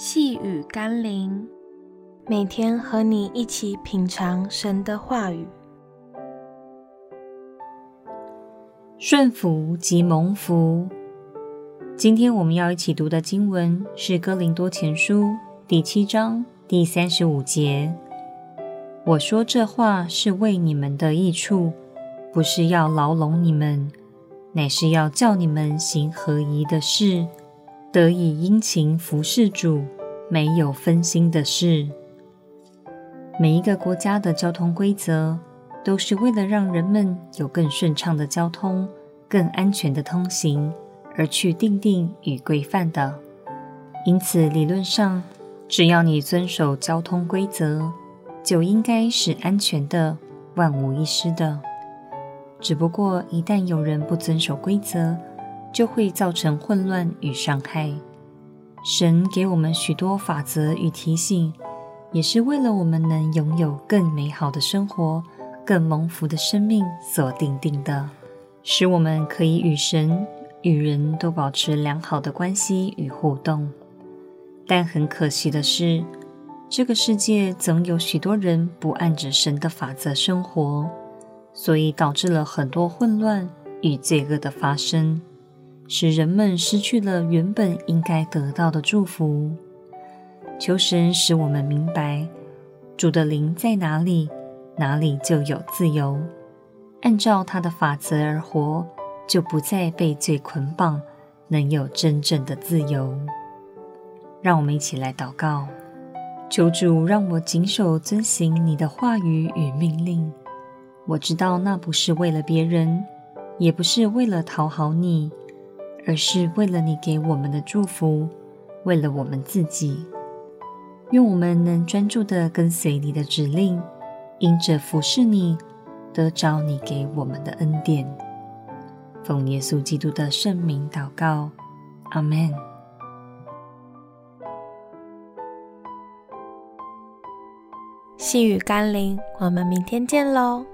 細語甘霖，每天和你一起品嘗神的話語，順服即蒙福。今天我們要一起讀的經文是《哥林多前書》第七章第三十五節。我說這話是為你們的益處，不是要牢籠你們，乃是要叫你們行合宜的事。得以殷勤服侍主，沒有分心的事。每一個國家的交通規則，都是為了讓人們有更順暢的交通、更安全的通行而去訂定與規範的。因此，理論上，只要你遵守交通規則，就應該是安全的、萬無一失的。只不過，一旦有人不遵守規則，就會造成混亂與傷害。神給我們許多法則與提醒，也是為了我們能擁有更美好的生活、更蒙福的生命所訂定的，使我們可以與神、與人都保持良好的關係與互動。但很可惜的是，這個世界總有許多人不按着神的法則生活，所以導致了很多混亂與罪惡的發生。使人們失去了原本應該得到的祝福。求神使我們明白，主的靈在哪裡，哪裡就有自由。按照他的法則而活，就不再被罪捆綁，能有真正的自由。讓我們一起來禱告，求主讓我謹守遵行你的話語與命令。我知道那不是為了別人，也不是為了討好你。而是為了你給我們的祝福，為了我們自己，願我們能專注地跟隨你的指令，因着服侍你，得着你給我們的恩典。奉耶穌基督的聖名禱告，阿門。細語甘霖，我們明天見嘍。